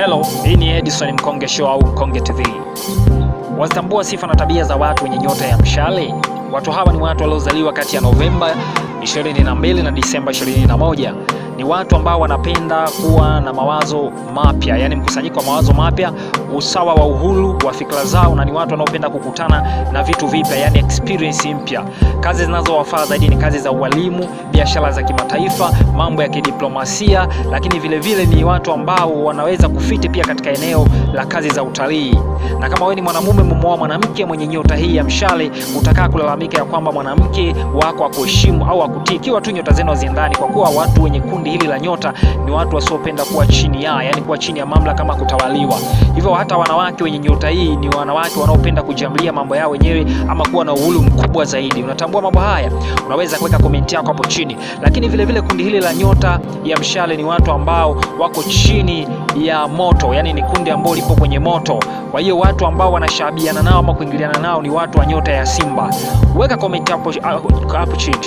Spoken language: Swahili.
Hello, hii ni Edison Mkonge Show au Mkonge TV. Wazitambua sifa na tabia za watu wenye nyota ya mshale? Watu hawa ni watu waliozaliwa kati ya Novemba 22 na Disemba 21 ni watu ambao wanapenda kuwa na mawazo mapya, yani mkusanyiko wa mawazo mapya, usawa wa uhuru wa fikra zao, na ni watu wanaopenda kukutana na vitu vipya, yani experience mpya. Kazi zinazowafaa zaidi ni kazi za ualimu, biashara za kimataifa, mambo ya kidiplomasia, lakini vilevile vile ni watu ambao wanaweza kufiti pia katika eneo la kazi za utalii. Na kama wewe ni mwanamume mumeoa mwanamke mwenye nyota hii ya mshale, utakaa kulalamika ya kwamba mwanamke wako akuheshimu au kutii. Ikiwa tu nyota zenu haziendani, kwa kuwa watu wenye kundi hili la nyota ni watu wasiopenda kuwa chini ya, yani kuwa chini ya mamlaka ama kutawaliwa. Hivyo hata wanawake wenye nyota hii ni wanawake wanaopenda kujiamlia mambo yao wenyewe ama kuwa na uhuru mkubwa zaidi. Unatambua mambo haya? Unaweza kuweka komenti yako hapo chini. Lakini vile vile kundi hili la nyota ya mshale ni watu ambao wako chini ya moto, yani ni kundi ambao lipo kwenye moto. Kwa hiyo watu ambao wanashabiana nao ama kuingiliana nao ni watu wa nyota ya Simba. Weka komenti hapo ah, hapo chini.